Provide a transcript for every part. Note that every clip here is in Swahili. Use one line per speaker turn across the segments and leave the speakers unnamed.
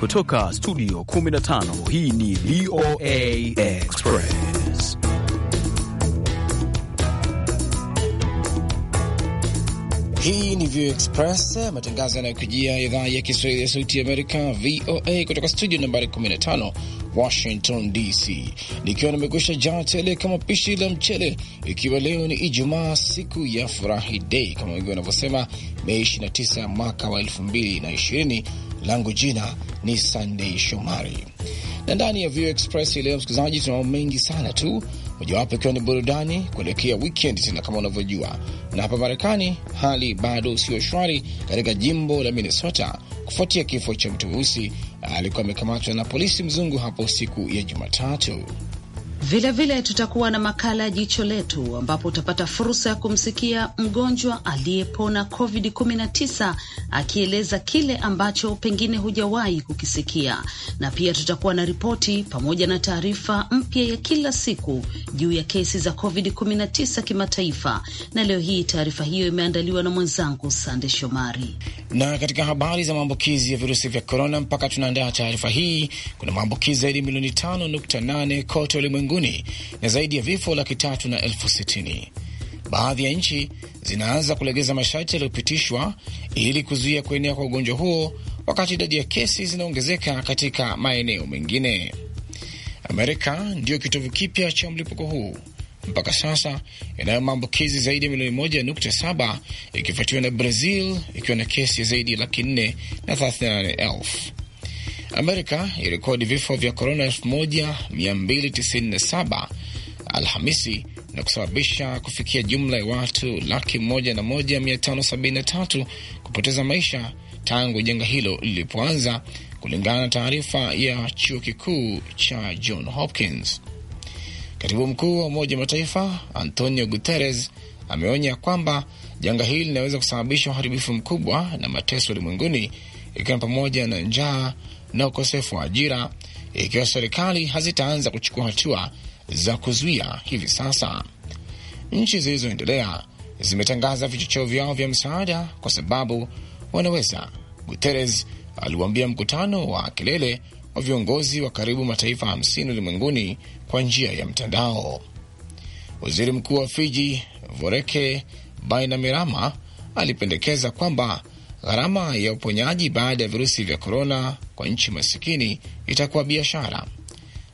Kutoka studio 15 hii ni VOA Express.
Hii ni VOA Express, matangazo yanayokujia idhaa ya Kiswahili ya sauti Amerika, VOA, kutoka studio nambari 15 Washington DC, nikiwa nimekusha jaa tele kama pishi la mchele, ikiwa leo ni Ijumaa, siku ya furahi dei kama wengi wanavyosema, Mei 29 mwaka wa 2020 langu jina ni Sandey Shomari, na ndani ya Vio Express leo, msikilizaji, tuna mambo mengi sana tu, mojawapo ikiwa ni burudani kuelekea wikendi tena, kama unavyojua. Na hapa Marekani hali bado sio shwari katika jimbo la Minnesota kufuatia kifo cha mtu mweusi alikuwa amekamatwa na polisi mzungu hapo siku ya Jumatatu.
Vilevile tutakuwa na makala ya jicho letu, ambapo utapata fursa ya kumsikia mgonjwa aliyepona COVID-19 akieleza kile ambacho pengine hujawahi kukisikia, na pia tutakuwa na ripoti pamoja na taarifa mpya ya kila siku juu ya kesi za COVID-19 kimataifa, na leo hii taarifa hiyo imeandaliwa na mwenzangu Sande Shomari. Na katika habari za maambukizi ya virusi vya
korona, mpaka tunaandaa taarifa hii, kuna maambukizi zaidi milioni 5.8 kote ulimwenguni karibuni na zaidi ya vifo laki tatu na elfu sitini. Baadhi ya nchi zinaanza kulegeza masharti yaliyopitishwa ili kuzuia kuenea kwa ugonjwa huo, wakati idadi ya kesi zinaongezeka katika maeneo mengine. Amerika ndiyo kitovu kipya cha mlipuko huu mpaka sasa inayo maambukizi zaidi ya milioni moja nukta saba ikifuatiwa na Brazil ikiwa na kesi zaidi ya laki nne na elfu thelathini na nane. Amerika irekodi vifo vya korona 1297 Alhamisi na kusababisha kufikia jumla ya watu laki moja na moja mia tano sabini na tatu kupoteza maisha tangu janga hilo lilipoanza, kulingana na taarifa ya chuo kikuu cha John Hopkins. Katibu mkuu wa Umoja wa Mataifa Antonio Guterres ameonya kwamba janga hili linaweza kusababisha uharibifu mkubwa na mateso ulimwenguni, ikiwa pamoja na njaa, na ukosefu wa ajira ikiwa serikali hazitaanza kuchukua hatua za kuzuia hivi sasa. Nchi zilizoendelea zimetangaza vichocheo vyao vya msaada kwa sababu wanaweza, Guterres aliwaambia mkutano wa kilele wa viongozi wa karibu mataifa 50 ulimwenguni kwa njia ya mtandao. Waziri Mkuu wa Fiji Voreke Bainimarama alipendekeza kwamba gharama ya uponyaji baada ya virusi vya korona kwa nchi masikini itakuwa biashara.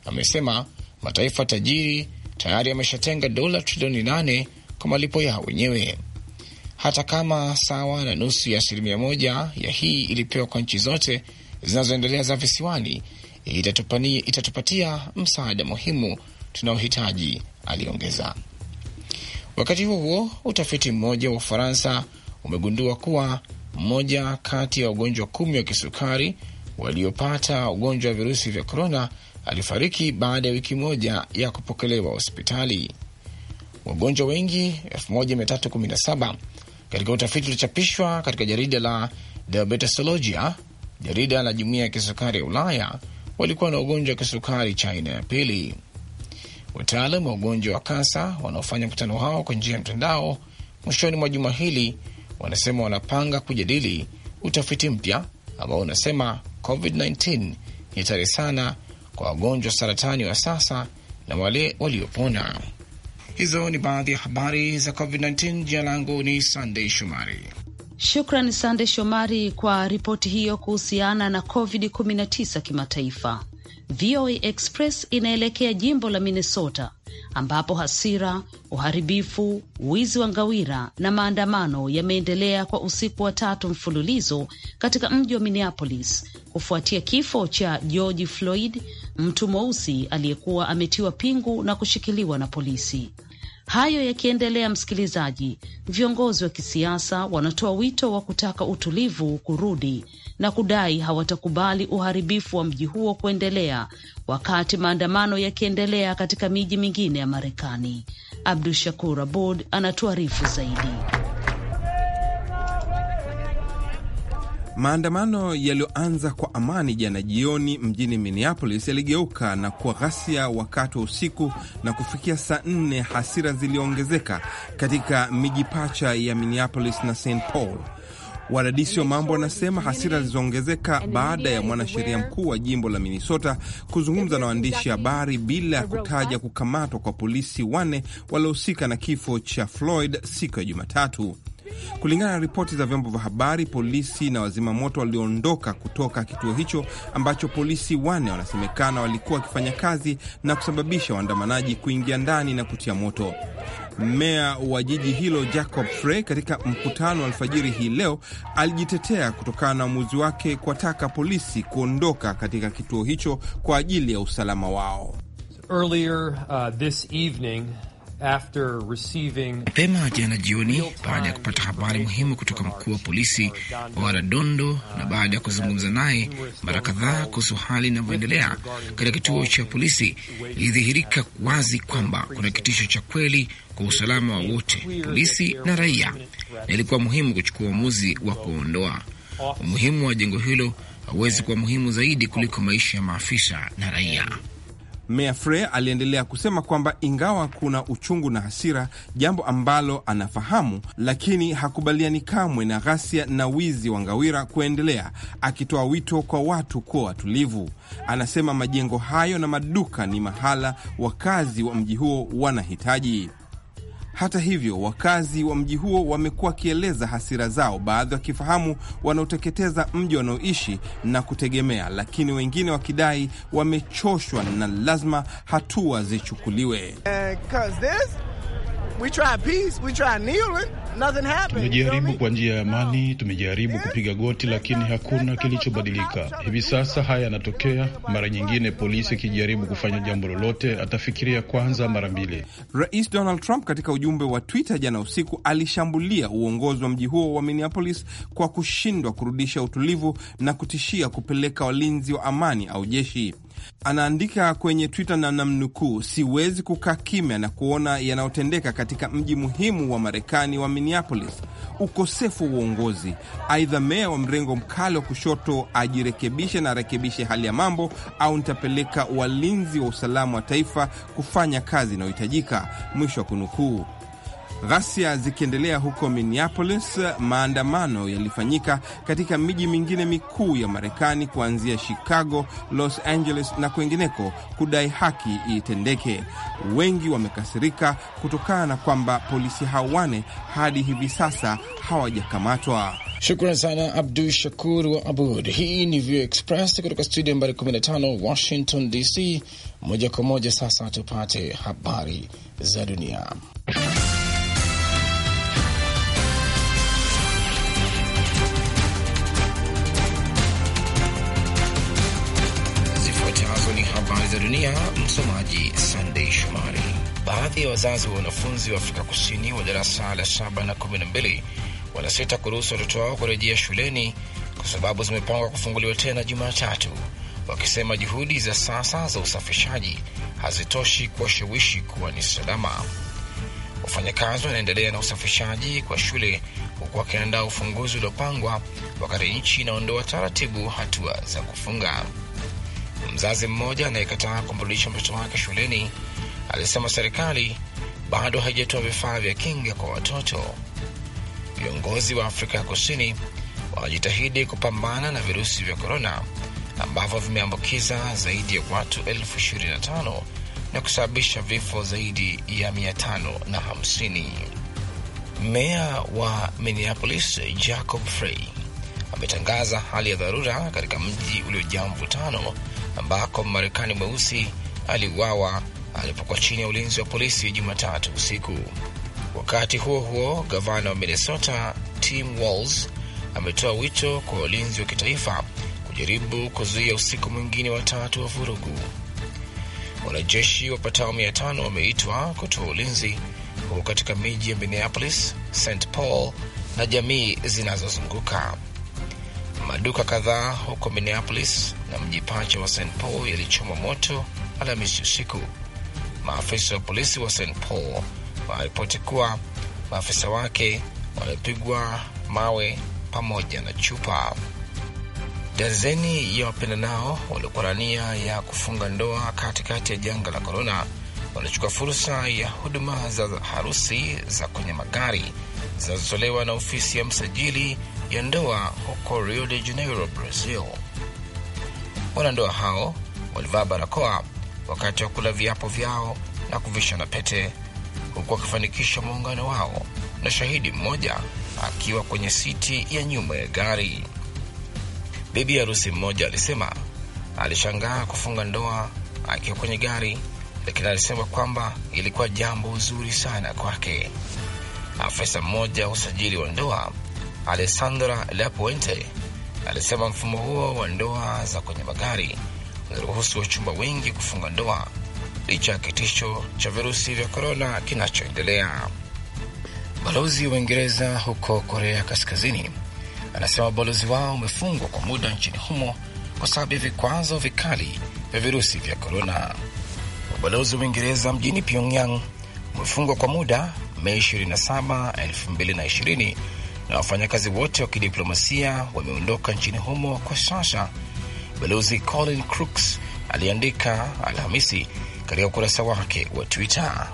Amesema mataifa tajiri tayari yameshatenga dola trilioni nane kwa malipo yao wenyewe, hata kama sawa na nusu ya asilimia moja ya hii ilipewa kwa nchi zote zinazoendelea za visiwani, itatupatia msaada muhimu tunaohitaji, aliongeza. Wakati huo huo, utafiti mmoja wa Ufaransa umegundua kuwa mmoja kati ya wagonjwa kumi wa kisukari waliopata ugonjwa wa virusi vya korona alifariki baada ya wiki moja ya kupokelewa hospitali. Wagonjwa wengi 1317 katika utafiti uliochapishwa katika jarida la Diabetologia, jarida la jumuiya ya kisukari ya Ulaya, walikuwa na ugonjwa wa kisukari cha aina ya pili. Wataalam wa ugonjwa wa kansa wanaofanya mkutano hao kwa njia ya mtandao mwishoni mwa juma hili wanasema wanapanga kujadili utafiti mpya ambao unasema COVID-19 ni hatari sana kwa wagonjwa saratani wa sasa na wale waliopona. Hizo ni baadhi ya habari za COVID-19. Jina langu ni
Sandei Shomari. Shukran sandey Shomari kwa ripoti hiyo kuhusiana na COVID-19 kimataifa. VOA Express inaelekea jimbo la Minnesota ambapo hasira, uharibifu, wizi wa ngawira na maandamano yameendelea kwa usiku wa tatu mfululizo katika mji wa Minneapolis kufuatia kifo cha George Floyd, mtu mweusi aliyekuwa ametiwa pingu na kushikiliwa na polisi. Hayo yakiendelea, msikilizaji, viongozi wa kisiasa wanatoa wito wa kutaka utulivu kurudi na kudai hawatakubali uharibifu wa mji huo kuendelea, wakati maandamano yakiendelea katika miji mingine ya Marekani. Abdu Shakur Abud anatuarifu zaidi.
Maandamano yaliyoanza kwa amani jana jioni mjini Minneapolis yaligeuka na kuwa ghasia wakati wa usiku na kufikia saa nne, hasira ziliongezeka katika miji pacha ya Minneapolis na St Paul. Wadadisi wa mambo wanasema hasira zilizoongezeka baada ya mwanasheria mkuu wa jimbo la Minnesota kuzungumza na waandishi habari bila ya kutaja kukamatwa kwa polisi wanne waliohusika na kifo cha Floyd siku ya Jumatatu. Kulingana na ripoti za vyombo vya habari, polisi na wazima moto waliondoka kutoka kituo hicho ambacho polisi wane wanasemekana walikuwa wakifanya kazi na kusababisha waandamanaji kuingia ndani na kutia moto. Meya wa jiji hilo Jacob Frey katika mkutano wa alfajiri hii leo alijitetea kutokana na uamuzi wake kuwataka polisi kuondoka katika kituo hicho kwa ajili ya usalama wao.
Earlier, uh, this evening... Mapema jana jioni, baada ya kupata
habari muhimu kutoka mkuu wa polisi uh, wa Waradondo na baada ya uh, kuzungumza naye mara kadhaa kuhusu hali inavyoendelea katika kituo cha polisi, ilidhihirika wazi kwamba kuna kitisho cha kweli kwa usalama wa wote, polisi na raia, na ilikuwa muhimu kuchukua uamuzi wa kuondoa. Umuhimu wa jengo hilo hauwezi kuwa muhimu zaidi kuliko maisha ya maafisa na raia mea Frey aliendelea kusema
kwamba ingawa kuna uchungu na hasira, jambo ambalo anafahamu, lakini hakubaliani kamwe na ghasia na wizi wa ngawira kuendelea, akitoa wito kwa watu kuwa watulivu. Anasema majengo hayo na maduka ni mahala wakazi wa mji huo wanahitaji. Hata hivyo, wakazi wa mji huo wamekuwa wakieleza hasira zao, baadhi wakifahamu wanaoteketeza mji wanaoishi na kutegemea, lakini wengine wakidai wamechoshwa na lazima hatua zichukuliwe.
Uh,
Tumejaribu kwa njia ya amani, tumejaribu kupiga goti, lakini hakuna kilichobadilika. Hivi sasa haya yanatokea. Mara nyingine polisi akijaribu kufanya jambo lolote, atafikiria
kwanza mara mbili. Rais Donald Trump katika ujumbe wa Twitter jana usiku alishambulia uongozi wa mji huo wa Minneapolis kwa kushindwa kurudisha utulivu na kutishia kupeleka walinzi wa amani au jeshi. Anaandika kwenye Twitter na namnukuu, siwezi kukaa kimya na kuona yanayotendeka katika mji muhimu wa Marekani wa Minneapolis, ukosefu wa uongozi. Aidha, meya wa mrengo mkali wa kushoto ajirekebishe na arekebishe hali ya mambo, au nitapeleka walinzi wa usalama wa taifa kufanya kazi inayohitajika. Mwisho wa kunukuu. Ghasia zikiendelea huko Minneapolis, maandamano yalifanyika katika miji mingine mikuu ya Marekani kuanzia Chicago, Los Angeles na kwingineko kudai haki itendeke. Wengi wamekasirika kutokana na kwamba polisi hao wane hadi hivi sasa
hawajakamatwa. Shukran sana Abdu Shakur wa Abud. Hii ni VOA Express kutoka studio nambari 15 Washington DC. Moja kwa moja sasa tupate habari za dunia. dunia. Msomaji Sandei Shomari. Baadhi ya wazazi wa wanafunzi wa Afrika Kusini wa darasa la saba na kumi na mbili wanasita kuruhusu watoto wao kurejea shuleni kwa sababu zimepangwa kufunguliwa tena Jumatatu, wakisema juhudi za sasa za usafishaji hazitoshi kuwashawishi kuwa ni salama. Wafanyakazi wanaendelea na usafishaji kwa shule huku wakiandaa ufunguzi uliopangwa, wakati nchi inaondoa taratibu hatua za kufunga. Mzazi mmoja anayekataa kumrudisha mtoto wake shuleni alisema serikali bado haijatoa vifaa vya kinga kwa watoto. Viongozi wa Afrika ya Kusini wanajitahidi kupambana na virusi vya korona ambavyo vimeambukiza zaidi ya watu elfu ishirini na tano na kusababisha vifo zaidi ya mia tano na hamsini. Meya wa Minneapolis Jacob Frey ametangaza hali ya dharura katika mji uliojaa mvutano ambako marekani mweusi aliuawa alipokuwa chini ya ulinzi wa polisi Jumatatu usiku. Wakati huo huo, gavana wa Minnesota Tim Walz ametoa wito kwa walinzi wa kitaifa kujaribu kuzuia usiku mwingine wa tatu wa vurugu. Wanajeshi wapatao mia tano wameitwa kutoa ulinzi huko katika miji ya Minneapolis, St Paul na jamii zinazozunguka. Maduka kadhaa huko Minneapolis na mji pacha wa St Paul yalichoma moto Alhamisi usiku. Maafisa wa polisi wa St Paul wanaripoti kuwa maafisa wake wamepigwa mawe pamoja na chupa. Dazeni ya wapenda nao waliokuwa na nia ya kufunga ndoa katikati ya janga la korona wanachukua fursa ya huduma za harusi za kwenye magari zinazotolewa na ofisi ya msajili ya ndoa huko Rio de Janeiro, Brazil. Wanandoa hao walivaa barakoa wakati wa kula viapo vyao na kuvishana pete huku wakifanikisha muungano wao, na shahidi mmoja akiwa kwenye siti ya nyuma ya gari. Bibi harusi mmoja alisema alishangaa kufunga ndoa akiwa kwenye gari, lakini alisema kwamba ilikuwa jambo zuri sana kwake. Afisa mmoja usajili wa ndoa Alessandra Lapuente alisema mfumo huo wa ndoa za kwenye magari unaruhusu wachumba wengi kufunga ndoa licha ya kitisho cha virusi vya korona kinachoendelea. Balozi wa Uingereza huko Korea Kaskazini anasema ubalozi wao umefungwa kwa muda nchini humo kwa sababu ya vikwazo vikali vya virusi vya korona. Ubalozi wa Uingereza mjini Pyongyang umefungwa kwa muda Mei 27, 2020 na wafanyakazi wote wa kidiplomasia wameondoka nchini humo kwa sasa, balozi Colin Crooks aliandika Alhamisi katika ukurasa wake wa Twitter.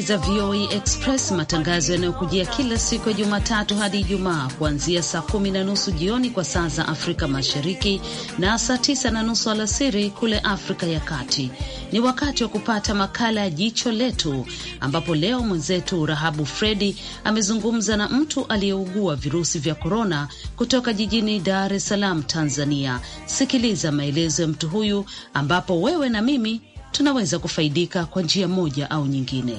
kusikiliza VOA Express, matangazo yanayokujia kila siku ya Jumatatu hadi Ijumaa kuanzia saa kumi na nusu jioni kwa saa za Afrika Mashariki na saa tisa na nusu alasiri kule Afrika ya Kati. Ni wakati wa kupata makala ya Jicho Letu, ambapo leo mwenzetu Rahabu Fredi amezungumza na mtu aliyeugua virusi vya korona kutoka jijini Dar es Salaam, Tanzania. Sikiliza maelezo ya mtu huyu, ambapo wewe na mimi tunaweza kufaidika kwa njia moja au nyingine.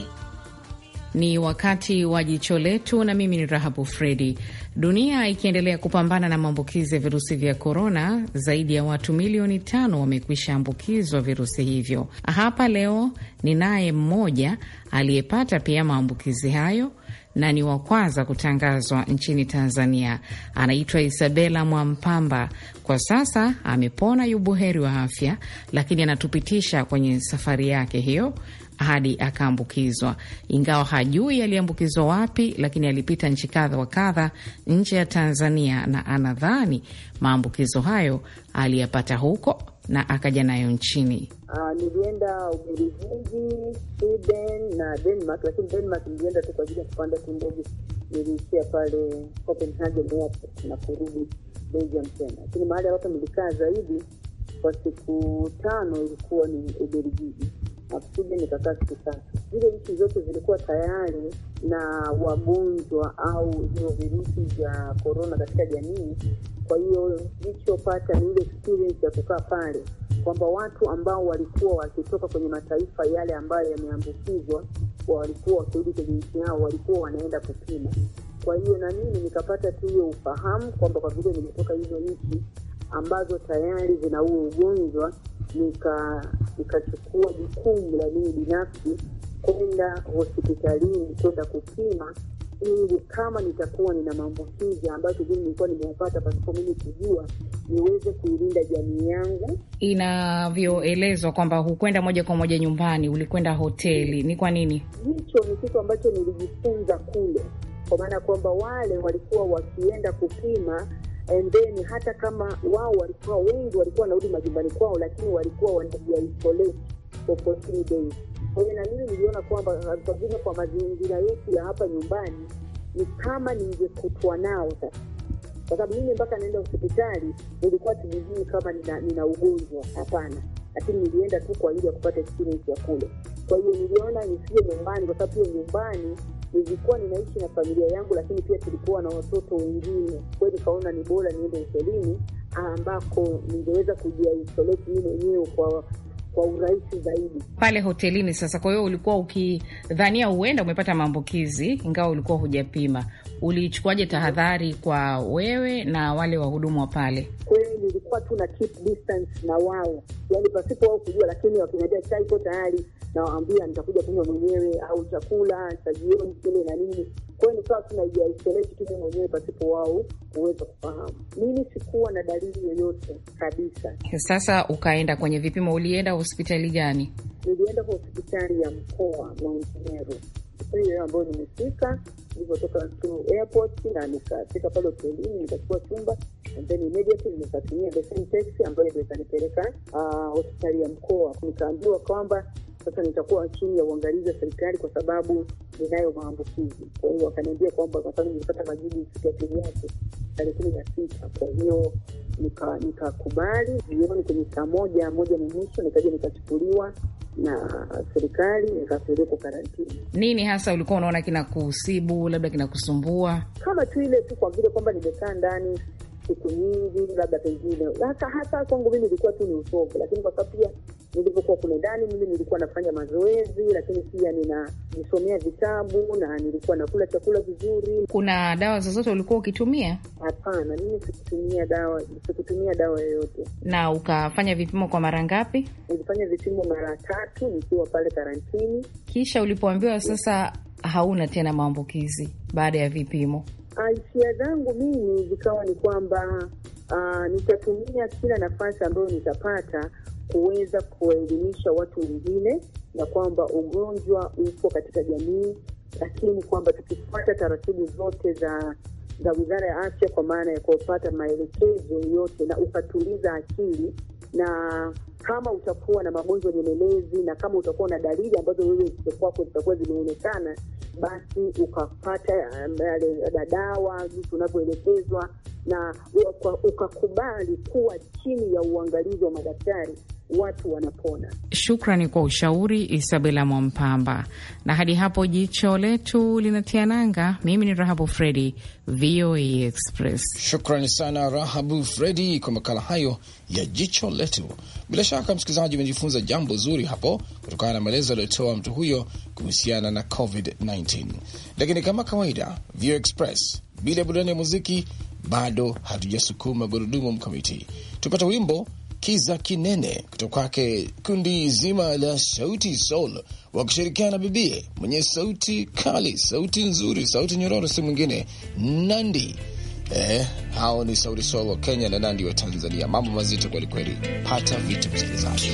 Ni wakati
wa jicho letu, na mimi ni Rahabu Fredi. Dunia ikiendelea kupambana na maambukizi ya virusi vya korona, zaidi ya watu milioni tano wamekwisha ambukizwa virusi hivyo. Hapa leo ni naye mmoja aliyepata pia maambukizi hayo na ni wa kwanza kutangazwa nchini Tanzania. Anaitwa Isabela Mwampamba. Kwa sasa amepona, yubuheri wa afya, lakini anatupitisha kwenye safari yake hiyo hadi akaambukizwa, ingawa hajui aliambukizwa wapi, lakini alipita nchi kadha wa kadha nje ya Tanzania na anadhani maambukizo hayo aliyapata huko na akaja nayo nchini.
Uh, nilienda Ubelgiji, Sweden na Denmark, lakini Denmark nilienda tu kwa ajili ya kupanda tu ndege. Niliishia pale Copenhagen Airport na kurudi Belgium tena, lakini mahali ambapo nilikaa zaidi kwa siku tano ilikuwa ni Ubelgiji nikakaa siku tatu. Zile nchi zote zilikuwa tayari na wagonjwa au hivyo virusi vya korona katika jamii. Kwa hiyo nilichopata ni ile experience ya kukaa pale, kwamba watu ambao walikuwa wakitoka kwenye mataifa yale ambayo yameambukizwa walikuwa wakirudi kwenye nchi yao, walikuwa wanaenda kupima. Kwa hiyo na mimi nikapata tu hiyo ufahamu kwamba kwa vile nimetoka hizo nchi ambazo tayari zina huo ugonjwa, nikachukua jukumu la mimi binafsi kwenda hospitalini kwenda kupima ili kama nitakuwa nina maambukizi ambayo kingine nilikuwa nimeupata pasipo mimi kujua, niweze kuilinda jamii yangu.
Inavyoelezwa kwamba hukwenda moja kwa moja nyumbani, ulikwenda hoteli, ni kwa nini?
Hicho ni kitu ambacho nilijifunza kule, kwa maana ya kwamba wale walikuwa wakienda kupima and then hata kama wao walikuwa wengi walikuwa wanarudi majumbani kwao, lakini walikuwa wanajiisolate for 14 days. Kwa hiyo na mimi niliona kwamba pengine kwa mazingira yetu ya hapa nyumbani ni kama ningekutwa nao sasa kwa sababu mimi mpaka naenda hospitali nilikuwa sijijui kama nina, nina ugonjwa hapana, lakini nilienda tu kwa ajili ya kupata experience ya kule. Kwa hiyo niliona nisije nyumbani, kwa sababu hiyo nyumbani nilikuwa ninaishi na familia yangu, lakini pia tulikuwa na watoto wengine. Kwa hiyo nikaona ni bora niende hotelini ah, ambako ningeweza kujiaisolate mi mwenyewe kwa kwa urahisi zaidi
pale hotelini. Sasa, kwa hiyo ulikuwa ukidhania huenda umepata maambukizi ingawa ulikuwa hujapima, ulichukuaje tahadhari kwa wewe na wale wahudumu wa pale?
Kweli nilikuwa tu na keep distance na wao, yani pasipo wao kujua, lakini wakiniambia chai iko tayari nawaambia nitakuja kunywa mwenyewe au chakula cha jioni kile na nini. Kwa hiyo ni sawa tu naiaisoleti tu mimi mwenyewe pasipo wao kuweza kufahamu. Mimi sikuwa na dalili yoyote kabisa.
Sasa ukaenda kwenye vipimo, ulienda hospitali gani?
Nilienda kwa hospitali ya mkoa Mount Meru hiyo ambayo nimefika nilivyotoka tu airport na nikafika pale hotelini nikachukua chumba and then immediately nikatumia the same taxi ambayo ndio ikanipeleka ah, hospitali ya mkoa. Nikaambiwa kwamba sasa nitakuwa chini ya uangalizi wa serikali kwa sababu ninayo maambukizi. Kwa hiyo wakaniambia kwamba kwa sababu nilipata majibu siku ya tarehe kumi na sita, kwa hiyo nikakubali. Jioni kwenye saa moja moja na nusu nikaja nikachukuliwa na serikali nikapelekwa karantini.
Nini hasa ulikuwa unaona kinakusibu, labda kinakusumbua?
Kama tu ile tu, kwa vile kwamba nimekaa ndani siku nyingi, labda pengine hasa hasa kwangu mimi ilikuwa tu ni uchovu, lakini kwa sababu pia nilivyokuwa kule ndani, mimi nilikuwa nafanya mazoezi, lakini pia ninajisomea vitabu na nilikuwa nakula chakula vizuri.
Kuna dawa zozote ulikuwa ukitumia?
Hapana, mimi sikutumia dawa, sikutumia dawa yoyote.
Na ukafanya vipimo kwa mara ngapi?
Nilifanya vipimo mara tatu nikiwa pale karantini.
Kisha ulipoambiwa sasa hauna tena maambukizi baada ya vipimo,
ah, hisia zangu mimi zikawa ni kwamba Uh, nitatumia kila nafasi ambayo nitapata kuweza kuwaelimisha watu wengine na kwamba ugonjwa upo katika jamii, lakini kwamba tukifuata taratibu zote za za Wizara ya Afya kwa maana ya kupata maelekezo yote na ukatuliza akili, na kama utakuwa na magonjwa nyemelezi na kama utakuwa na dalili ambazo wewe kwako zitakuwa zimeonekana, basi ukapata um, dawa jinsi unavyoelekezwa na ukakubali kuwa chini ya uangalizi wa madaktari watu wanapona.
Shukrani kwa ushauri, Isabela Mwampamba. Na hadi hapo jicho letu linatia nanga. Mimi ni Rahabu Fredi, VOA Express.
Shukrani sana Rahabu Fredi kwa makala hayo ya jicho letu. Bila shaka, msikilizaji, umejifunza jambo zuri hapo kutokana na maelezo aliyotoa mtu huyo kuhusiana na COVID-19. Lakini kama kawaida, VOA Express bila burudani ya muziki bado hatujasukuma gurudumu mkamiti, tupate wimbo Kiza Kinene kutoka kwake kundi zima la Sauti Sol wakishirikiana bibie mwenye sauti kali, sauti nzuri, sauti nyororo, si mwingine Nandi. Eh, hao ni Sauti Sol wa Kenya na Nandi wa Tanzania. Mambo mazito kwelikweli, pata vitu msikilizaji.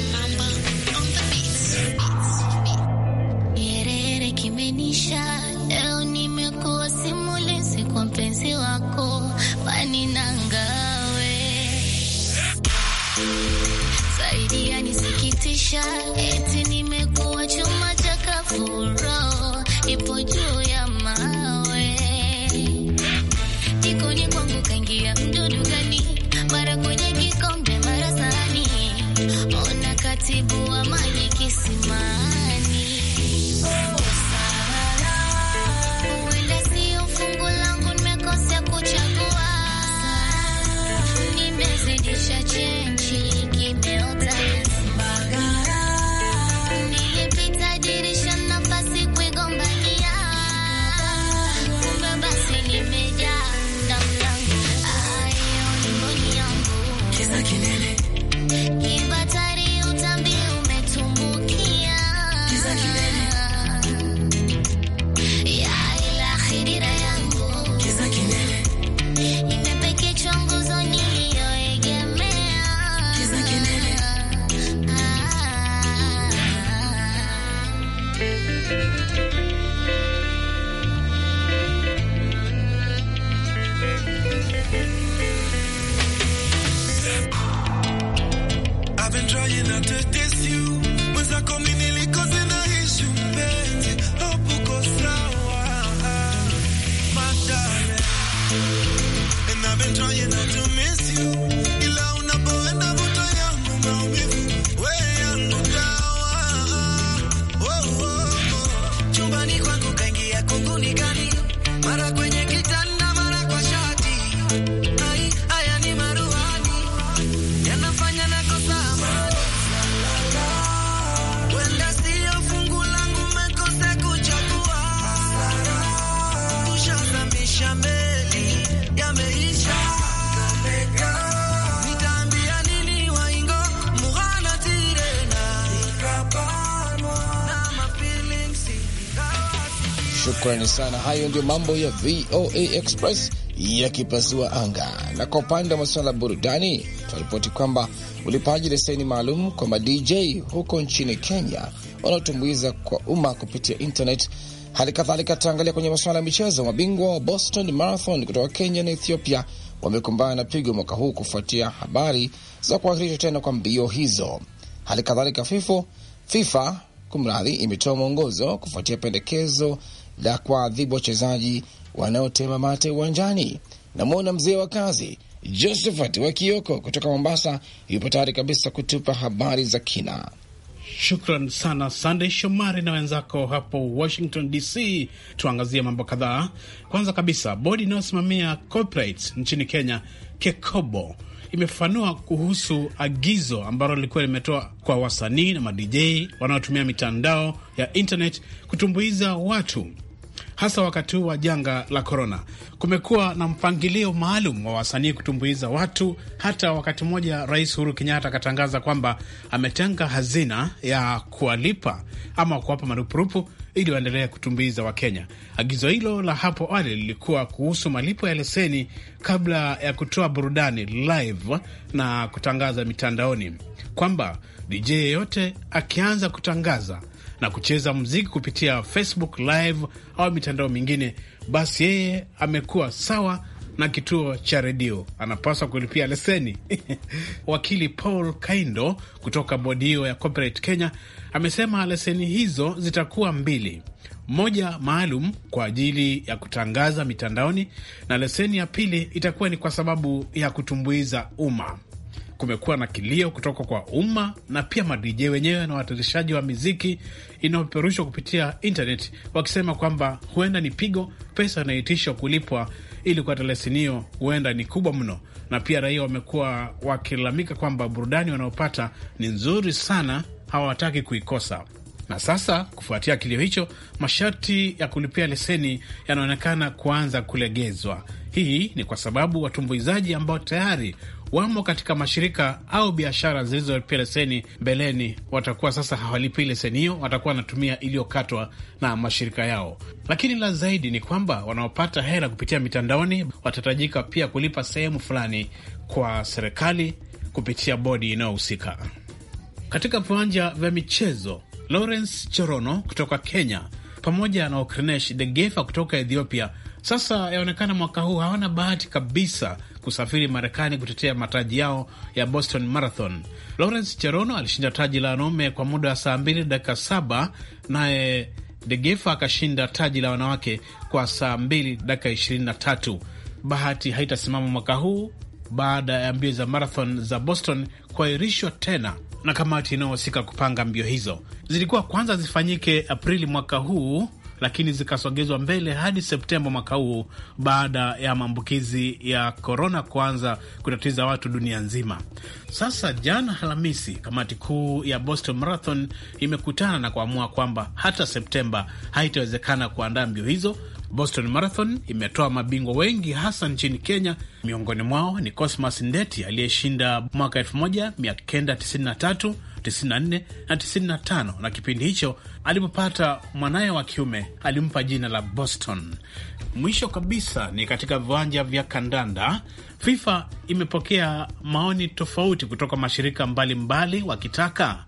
maisha eti nimekuwa chuma cha kafuro ipo juu ya mawe, jikoni kwangu kaingia mdudu.
Shukrani sana. Hayo ndio mambo ya VOA Express yakipasua anga. Na kwa upande wa masuala ya burudani, tunaripoti kwamba ulipaji leseni maalum kwa madj huko nchini Kenya wanaotumbuiza kwa umma kupitia internet. Hali kadhalika tutaangalia kwenye masuala ya michezo. Mabingwa wa Boston Marathon kutoka Kenya na Ethiopia wamekumbana na pigo mwaka huu kufuatia habari za kuahirishwa tena kwa mbio hizo. Hali kadhalika, FIFA kumradhi, imetoa mwongozo kufuatia pendekezo la kuwaadhibu wachezaji wanaotema mate uwanjani. Namwona mzee wa kazi Josephat wa Kioko kutoka Mombasa yupo tayari kabisa kutupa habari za kina.
Shukran sana Sandey Shomari na wenzako hapo Washington DC. Tuangazie mambo kadhaa. Kwanza kabisa, bodi inayosimamia corporate nchini Kenya, KEKOBO, imefafanua kuhusu agizo ambalo lilikuwa limetoa kwa wasanii na madijei wanaotumia mitandao ya internet kutumbuiza watu hasa wakati huu wa janga la korona. Kumekuwa na mpangilio maalum wa wasanii kutumbuiza watu. Hata wakati mmoja Rais Uhuru Kenyatta akatangaza kwamba ametenga hazina ya kuwalipa ama kuwapa marupurupu ili waendelee kutumbuiza Wakenya. Agizo hilo la hapo awali lilikuwa kuhusu malipo ya leseni kabla ya kutoa burudani live na kutangaza mitandaoni, kwamba DJ yeyote akianza kutangaza na kucheza mziki kupitia Facebook Live au mitandao mingine, basi yeye amekuwa sawa na kituo cha redio, anapaswa kulipia leseni. Wakili Paul Kaindo kutoka bodi hiyo ya Copyright Kenya amesema leseni hizo zitakuwa mbili, moja maalum kwa ajili ya kutangaza mitandaoni na leseni ya pili itakuwa ni kwa sababu ya kutumbuiza umma kumekuwa na kilio kutoka kwa umma na pia madj wenyewe na watayarishaji wa miziki inayopeperushwa kupitia internet, wakisema kwamba huenda ni pigo, pesa inayoitishwa kulipwa ili kwa hiyo huenda ni kubwa mno, na pia raia wamekuwa wakilalamika kwamba burudani wanaopata ni nzuri sana, hawataki kuikosa. Na sasa kufuatia kilio hicho, masharti ya kulipia leseni yanaonekana kuanza kulegezwa. Hii ni kwa sababu watumbuizaji ambao tayari wamo katika mashirika au biashara zilizolipia leseni mbeleni, watakuwa sasa hawalipi leseni hiyo, watakuwa wanatumia iliyokatwa na mashirika yao. Lakini la zaidi ni kwamba wanaopata hela kupitia mitandaoni watahitajika pia kulipa sehemu fulani kwa serikali kupitia bodi inayohusika. Katika viwanja vya michezo, Lawrence Chorono kutoka Kenya pamoja na Okrinesh Degefa kutoka Ethiopia sasa yaonekana mwaka huu hawana bahati kabisa kusafiri Marekani kutetea mataji yao ya Boston Marathon. Lawrence Cherono alishinda taji la wanaume kwa muda wa saa 2 dakika saba, naye Degefa akashinda taji la wanawake kwa saa 2 dakika 23. Bahati haitasimama mwaka huu baada ya mbio za marathon za Boston kuahirishwa tena na kamati inayohusika kupanga mbio hizo. Zilikuwa kwanza zifanyike Aprili mwaka huu lakini zikasogezwa mbele hadi Septemba mwaka huu baada ya maambukizi ya korona kuanza kutatiza watu dunia nzima. Sasa jana Alhamisi, kamati kuu ya Boston Marathon imekutana na kuamua kwamba hata Septemba haitawezekana kuandaa mbio hizo. Boston Marathon imetoa mabingwa wengi hasa nchini Kenya. Miongoni mwao ni Cosmas Ndeti aliyeshinda mwaka 1993 94 na 95, na kipindi hicho alipopata mwanaye wa kiume alimpa jina la Boston. Mwisho kabisa ni katika viwanja vya kandanda. FIFA imepokea maoni tofauti kutoka mashirika mbalimbali mbali, wakitaka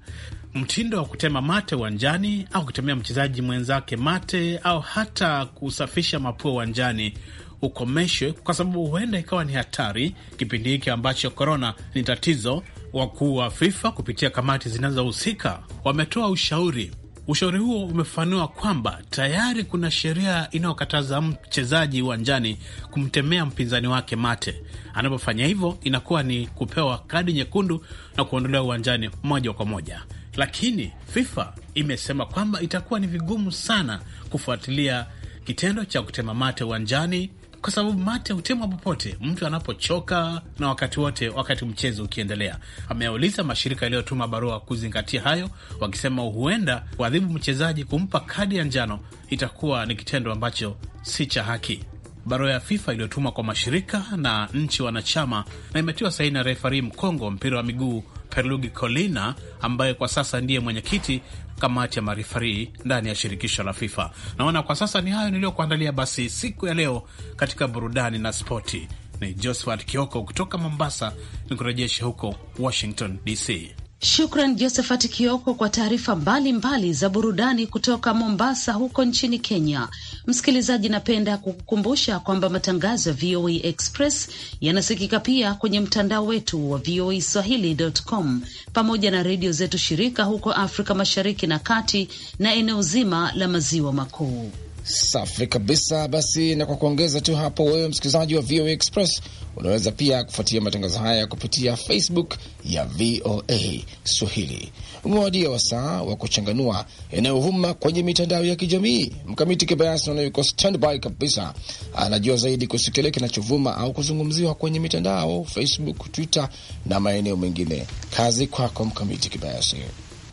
mtindo wa kutema mate uwanjani au kutemea mchezaji mwenzake mate au hata kusafisha mapua uwanjani ukomeshwe, kwa sababu huenda ikawa ni hatari, kipindi hiki ambacho korona ni tatizo wakuu wa FIFA kupitia kamati zinazohusika wametoa ushauri. Ushauri huo umefanua kwamba tayari kuna sheria inayokataza mchezaji uwanjani kumtemea mpinzani wake mate. Anapofanya hivyo, inakuwa ni kupewa kadi nyekundu na kuondolewa uwanjani moja kwa moja. Lakini FIFA imesema kwamba itakuwa ni vigumu sana kufuatilia kitendo cha kutema mate uwanjani kwa sababu mate hutemwa popote mtu anapochoka, na wakati wote, wakati mchezo ukiendelea. Ameuliza mashirika yaliyotuma barua kuzingatia hayo, wakisema huenda kuadhibu mchezaji kumpa kadi ya njano itakuwa ni kitendo ambacho si cha haki. Barua ya FIFA iliyotumwa kwa mashirika na nchi wanachama na imetiwa saini na refari mkongo wa mpira wa miguu perlugi colina ambaye kwa sasa ndiye mwenyekiti kamati ya marifari ndani ya shirikisho la FIFA. Naona kwa sasa ni hayo niliyokuandalia. Basi siku ya leo katika burudani na spoti, ni Josephat Kioko kutoka Mombasa, ni kurejesha huko Washington DC.
Shukran Josephat Kioko kwa taarifa mbalimbali za burudani kutoka Mombasa huko nchini Kenya. Msikilizaji, napenda kukukumbusha kwamba matangazo ya VOA Express yanasikika pia kwenye mtandao wetu wa VOA Swahili.com pamoja na redio zetu shirika huko Afrika Mashariki na Kati na eneo zima la Maziwa Makuu.
Safi kabisa. Basi na kwa kuongeza tu hapo, wewe msikilizaji wa VOA Express unaweza pia kufuatia matangazo haya kupitia Facebook ya VOA Swahili. Umewadia wasaa wa kuchanganua yanayovuma kwenye mitandao ya kijamii. Mkamiti Kibayasi naona yuko standby kabisa, anajua zaidi kuhusu kile kinachovuma au kuzungumziwa kwenye mitandao Facebook, Twitter na maeneo mengine. Kazi kwako, Mkamiti Kibayasi.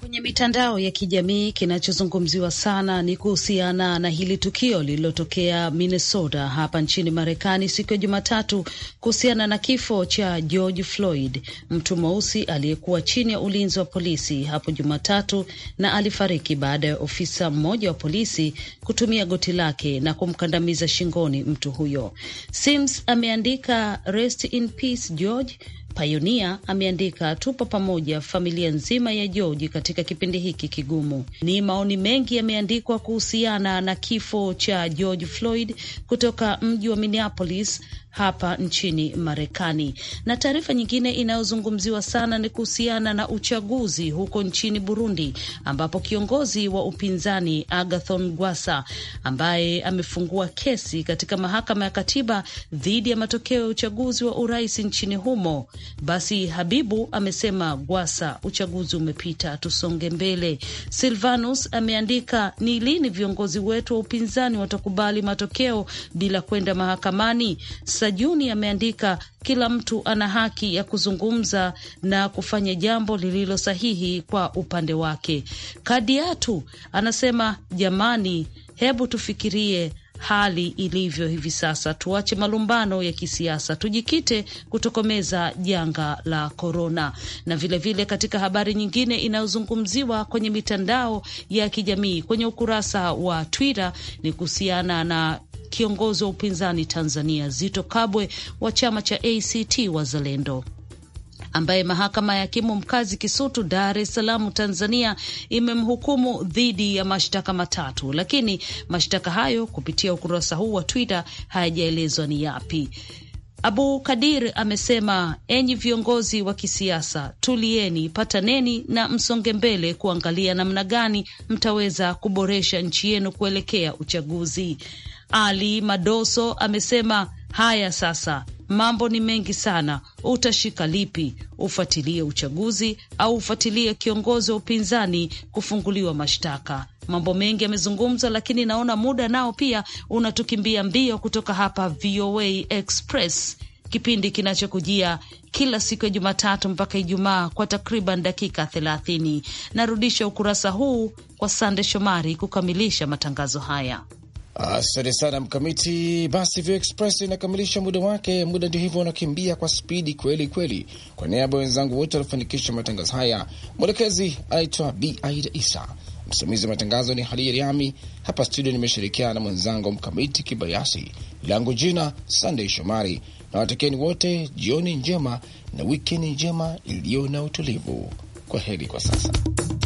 Kwenye mitandao ya kijamii kinachozungumziwa sana ni kuhusiana na hili tukio lililotokea Minnesota hapa nchini Marekani siku ya Jumatatu kuhusiana na kifo cha George Floyd, mtu mweusi aliyekuwa chini ya ulinzi wa polisi hapo Jumatatu, na alifariki baada ya ofisa mmoja wa polisi kutumia goti lake na kumkandamiza shingoni mtu huyo. Sims ameandika rest in peace George Payonia ameandika tupo pamoja, familia nzima ya George katika kipindi hiki kigumu. Ni maoni mengi yameandikwa kuhusiana na kifo cha George Floyd kutoka mji wa Minneapolis hapa nchini Marekani. Na taarifa nyingine inayozungumziwa sana ni kuhusiana na uchaguzi huko nchini Burundi, ambapo kiongozi wa upinzani Agathon Gwasa ambaye amefungua kesi katika mahakama ya katiba dhidi ya matokeo ya uchaguzi wa urais nchini humo. Basi Habibu amesema Gwasa, uchaguzi umepita, tusonge mbele. Silvanus ameandika, ni lini viongozi wetu wa upinzani watakubali matokeo bila kwenda mahakamani? za Juni ameandika, kila mtu ana haki ya kuzungumza na kufanya jambo lililo sahihi kwa upande wake. Kadiatu anasema, jamani, hebu tufikirie hali ilivyo hivi sasa, tuache malumbano ya kisiasa, tujikite kutokomeza janga la korona. Na vilevile vile katika habari nyingine inayozungumziwa kwenye mitandao ya kijamii kwenye ukurasa wa Twitter ni kuhusiana na kiongozi wa upinzani Tanzania Zito Kabwe wa chama cha ACT Wazalendo ambaye mahakama ya hakimu mkazi Kisutu, Dar es Salaam, Tanzania imemhukumu dhidi ya mashtaka matatu, lakini mashtaka hayo kupitia ukurasa huu wa Twitter hayajaelezwa ni yapi. Abu Kadir amesema, enyi viongozi wa kisiasa, tulieni, pataneni na msonge mbele kuangalia namna gani mtaweza kuboresha nchi yenu kuelekea uchaguzi. Ali Madoso amesema haya sasa mambo ni mengi sana, utashika lipi? Ufuatilie uchaguzi au ufuatilie kiongozi wa upinzani kufunguliwa mashtaka? Mambo mengi yamezungumzwa, lakini naona muda nao pia unatukimbia mbio. Kutoka hapa VOA Express, kipindi kinachokujia kila siku ya Jumatatu mpaka Ijumaa kwa takriban dakika thelathini. Narudisha ukurasa huu kwa Sande Shomari kukamilisha matangazo haya.
Ah, asante sana Mkamiti. Basi Vio Express inakamilisha muda wake. Muda ndio hivyo unakimbia kwa spidi kweli kweli. Kwa niaba ya wenzangu wote waliofanikisha matangazo haya, mwelekezi anaitwa Bi Aida Isa, msimamizi wa matangazo ni Hadija Riami. Hapa studio nimeshirikiana na mwenzangu Mkamiti Kibayasi, langu jina Sandey Shomari na watekeni wote jioni njema na wikendi njema iliyo na utulivu. Kwa heri kwa sasa.